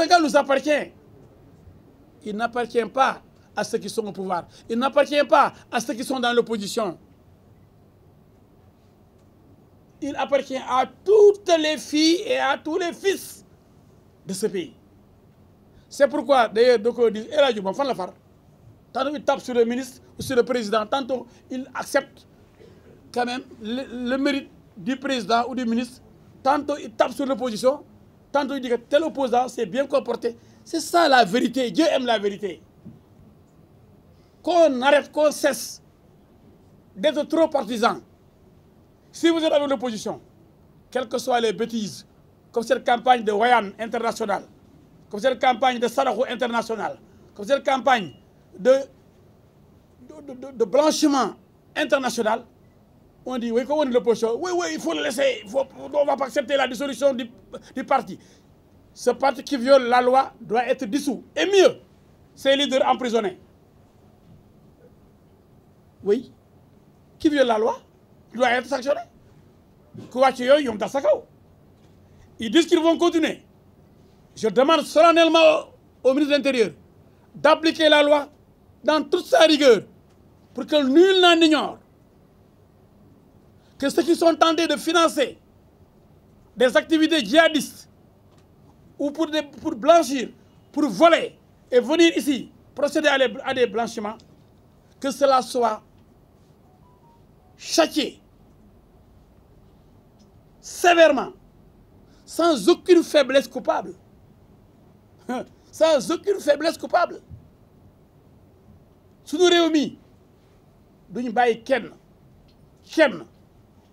Sénégal nous appartient. Il n'appartient pas à ceux qui sont au pouvoir. Il n'appartient pas à ceux qui sont dans l'opposition. Il appartient à toutes les filles et à tous les fils de ce pays. C'est pourquoi, d'ailleurs, Doko dit, El Hadji Bon, fan la far. Tantôt il tape sur le ministre ou sur le président, tantôt il accepte quand même le, le mérite du président ou du ministre, tantôt il tape sur l'opposition, tant il dit que tel opposant s'est bien comporté. C'est ça la vérité. Dieu aime la vérité. Qu'on arrête, qu'on cesse d'être trop partisan. Si vous êtes avec l'opposition, quelles que soient les bêtises, comme cette campagne de Wayan internationale, comme cette campagne de Sadako international comme cette campagne de, de, de, de blanchiment international, on dit oui, comment l'opposition Oui, oui, il faut le Il faut, on va pas accepter la dissolution du, parti. Ce parti qui viole la loi doit être dissous. Et mieux, ses leaders emprisonnés. Oui. Qui viole la loi doit être sanctionné. Ils disent qu'ils vont continuer. Je demande solennellement au, ministre de l'Intérieur d'appliquer la loi dans toute sa rigueur pour que nul n'en ignore. que ceux qui sont tentés de financer des activités djihadistes ou pour, pour blanchir, pour voler et venir ici procéder à, les, à des blanchiments, que cela soit châtié sévèrement, sans aucune faiblesse coupable. sans aucune faiblesse coupable. suñu réew mi duñu bàyyi kenn kenn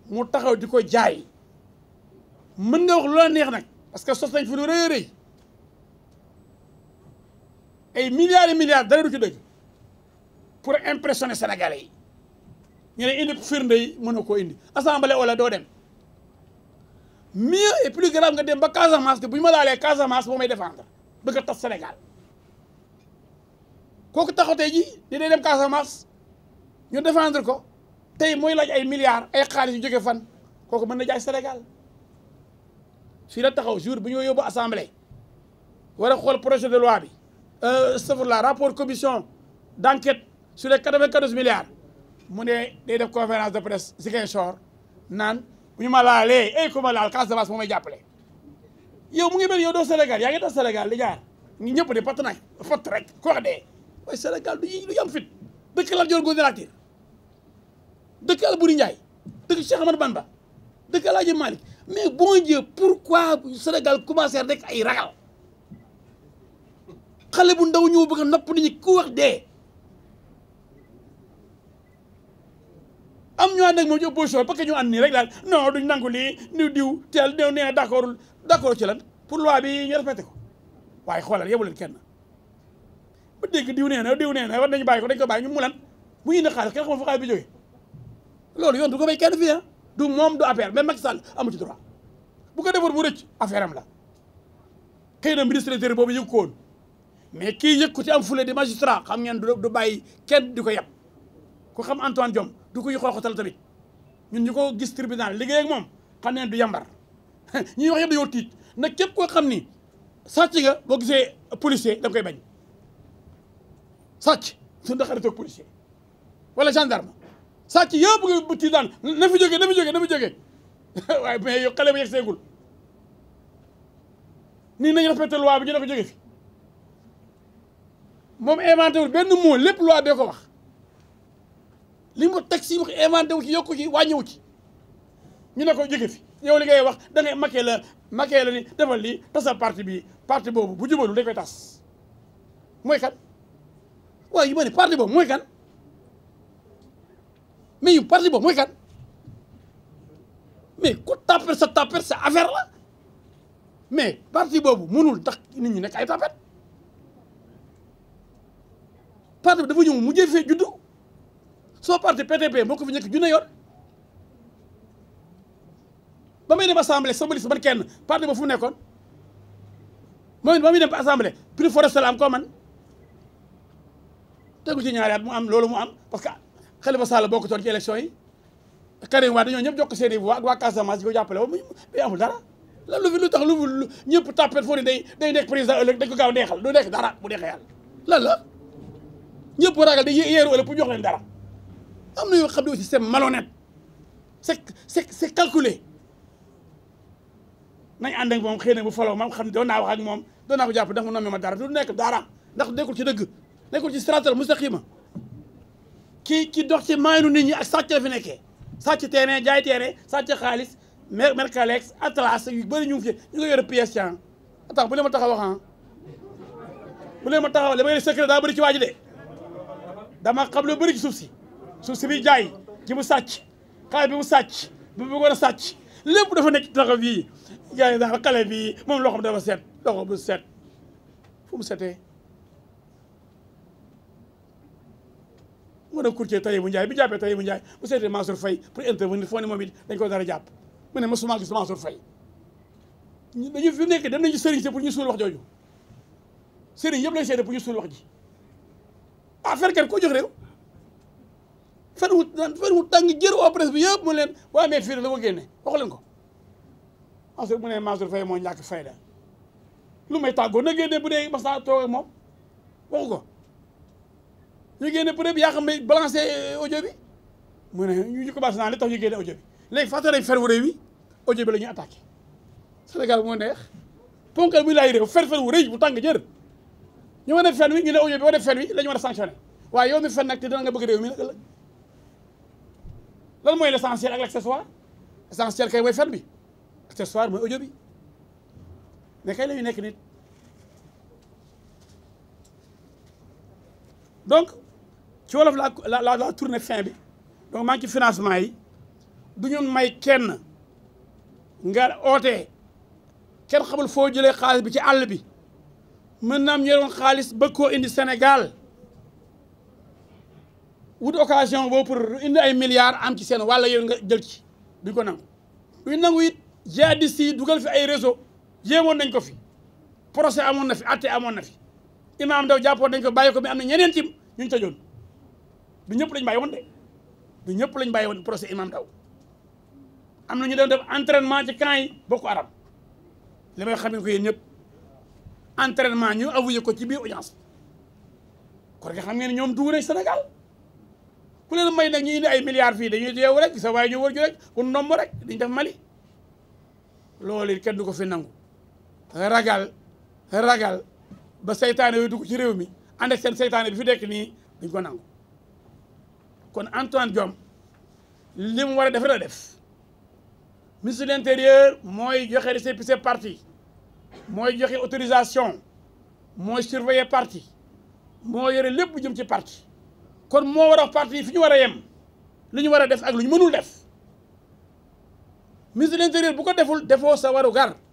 mu taxaw di ko jaay mën nga wax loola neex nag parce que sos nañ fi lu rëy a ay milliards et milliards dara du ci dëgg pour impressionner sénégalais yi ñu ne indi firnde yi mën a ko indi assemblée wala doo dem mi et plus grave nga dem ba Casamance te bu ñu ma laalee Casamance moo may défendre bëgg a tas Sénégal kooku taxatee ji di dee dem Casamance ñu défendre ko tey mooy laaj ay milliards ay xaalis yu jóge fan kooku mën na jaay Sénégal fii la taxaw jour bu ñu yóbbu assemblée war a xool projet de loi bi astafurlah euh, rapport commission d' enquête sur les quatre-vingt-quatorze milliards mu ne day def conférence de presse Ziguinchor naan bu ñu ma laalee ay eh, ku ma laal Casamance moo may jàppale yow mu ngi mel yow doo Sénégal yaa ngi doo Sénégal di jaar ñi ñëpp de pat nañ rek ko wax dee waaye Sénégal du dëkk al Albouri njaay dëkk Cheikh Amadou Bamba dëkk El Hadj Malick mais bon Dieu pourquoi Sénégal commencé rek ay ragal xale bu ndaw ñoo bëgg a nopp nit ñi ku wax dee. am ñu ànd ak moom ci opposition parce que ñu ànd nii rek daal non duñ nangu lii diw diw teel néew nee d'accord d'accord ci lan pour loi bi ñu respecté ko waaye xoolal yebu leen kenn ba dégg diw nee na diw nee na war nañu bàyyi ko dañ ko mu lan mu indi xaalis kenn xamul fu xaalis bi jógee loolu yoon du ko may kenn fii ah du moom du affaire même Macky Sall amu ci droit bu ko defoon mu rëcc affaire am la xëy na ministre intérieur boobu yëg ko woon mais kii yëg ko ci am fule di magistrat xam ngeen du bàyyi kenn di ko yab ku xam Antoine Diome du ko yi xooxatal tamit ñun ñu ko gis tribunal liggéey ak moom xam ne du yambar ñi wax yëpp dañoo tiit nag képp koo xam ni sàcc nga boo gisee policier da nga koy bañ sàcc suñu da xaritoog policier wala gendarme sàcc yaa nga butti daan na fi jógee na fi jógee na fi jógee waaye mais yow bu yegg seegul nii nañ respecté loi bi ñu ne ko jóge fi moom inventé wul benn mot lépp loi bee ko wax li mu teg si wax inventé wu ci yokku ci wàññiwu ci ñu ne ko jóge fi yow li ngay wax da ngay makkee la makkee la ni defal lii tasal parti bi parti boobu bu jubalul dañ koy tas mooy kan waaye yu ma parti boobu mooy kan mais parti boobu mooy kan mais ku tapet sa tapet sa affaire la mais parti boobu mënul tax nit ñi nekk ay tapet parti bi dafa ñëw mu jëfee juddu soo parti PTP moo ko fi nekk junne yoon ba may dem assemblée sama liste man kenn parti ba fu nekkoon mooy ba muy dem assemblée prix forestier la am koo man tegu mu am loolu mu am parce que. saala Sall bokkutoon ci élection yi Karim Wade ñoo ñëpp jokk seen i voix ak waa Casamance di ko jàppale woon muy amul dara la lu fi lu tax lu ñëpp tàppet foo ne day day nekk président ëllëg dañ ko gaaw neexal du dara bu neexee yàlla lan la ñëpp ragal day yeeru ëllëg pour jox leen dara am na yoo xam ne aussi c'est malhonnête c'est c'est c'est calculé nañ ànd ak moom xëy na bu faloo moom xam ne doon naa wax ak moom doon naa ko jàpp ndax mu nommé ma dara du nekk dara ndax nekkul ci dëgg nekkul ci stratégie mustaqima ki ki dox ci maaynu nit ñi ak sàcc la fi nekkee sàcc terrain jaay terrain sàcc xaalis Mercalex Atlas yu bëri ñu ngi fi ñu ngi yore pièce ci attends bu leen ma taxaw wax ah bu leen ma taxaw li ma leen secret daa bëri ci waa ji de dama xam lu bëri ci suuf si suuf si bi jaay ci mu sàcc xaalis bi mu sàcc bi mu bëggoon a sàcc lépp dafa nekk taxaw yii gars yi daal xale bi moom loxoom dafa set loxo bu set fu mu setee mu dem courtier Tahibou Ndiaye bi jàppee Tahibou Ndiaye bu seetee Mansour Faye pour intervenir foo ne moom it dañ ko dara jàpp mu ne mosuma gis Mansour Faye dañu fi nekk dem nañu sëriñ si pour ñu suul wax jooju yëpp lañ seede pour ñu suul wax ah, koo jox réew fen wu fen wu tàng jër waa presse bi leen waa mais fii la ko génne wax leen ko Mansour mu ne Mansour Faye moo ñàkk fayda lu may tàggoo na génne bu dee mas naa toog ak moom ko ñu génne preuve yaa xam ne balancé euh, audio bi mu ne ñu ñu commencé naa li tax ñu génne audio bi léegi fàtte nañ fer la ñuy attaqué Sénégal moo neex bu tàng jër ñu mën a fen wi ñu ne la ñu war a sanctionné yow mi fen nag te dina mooy l'essentiel ak l'accessoire essentiel kay mooy fen bi accessoire mooy audio bi mais nekk nit donc ci wolof laa la laa tourné fin bi donc maa ngi ci financement yi du ñun may kenn nga ootee kenn xamul foo jëlee xaalis bi ci àll bi mën naam ñoroon xaalis bëgg koo indi Sénégal wut occasion boobu pour indi ay milliards am ci seen wàlla yow nga jël ci ko nangu duñ nangu it jihadiste yi dugal fi ay réseau yéemoon nañ ko fi procès amoon na fi atte amoon na fi imaam daw jàppoon nañ ko bàyyi ko bi am na ñeneen ci ñu ñu tëjoon du ñëpp lañ bàyyi woon de du ñëpp lañ bàyyi woon procès imam daw am na ñu doon def entraînement ci camp yi bokku arab li may xam ne ko yéen ñëpp entraînement ñu avoué ko ci biir audience kon nga xam ngeen ñoom dugg nañ Sénégal ku leen may nag ñu indi ay milliards fii dañuy yeewu rek sa waaye ñu wër ju rek ku ndomb rek dañ def Mali loolu it kenn du ko fi nangu ragal ragal ba seytaane yooyu dugg ci réew mi ànd ak seytaane bi fi dekk nii duñ ko nangu kon Antoine Diome li mu war a def la def ministre de l'intérieur mooy joxe récépissé parti mooy joxe autorisation mooy surveiller parti moo yore lépp jëm ci parti kon moo war a parti fi ñu war a yem li ñu war a def ak lu ñu mënul def ministre de l'intérieur bu ko deful defoo sa waru gar